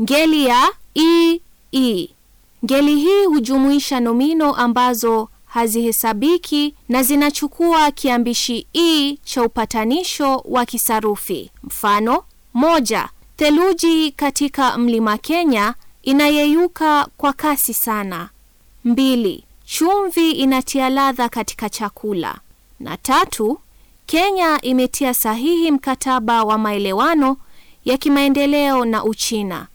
Ngeli ya i i. Ngeli hii hujumuisha nomino ambazo hazihesabiki na zinachukua kiambishi i cha upatanisho wa kisarufi. Mfano: moja, theluji katika mlima Kenya inayeyuka kwa kasi sana. Mbili, chumvi inatia ladha katika chakula. Na tatu, Kenya imetia sahihi mkataba wa maelewano ya kimaendeleo na Uchina.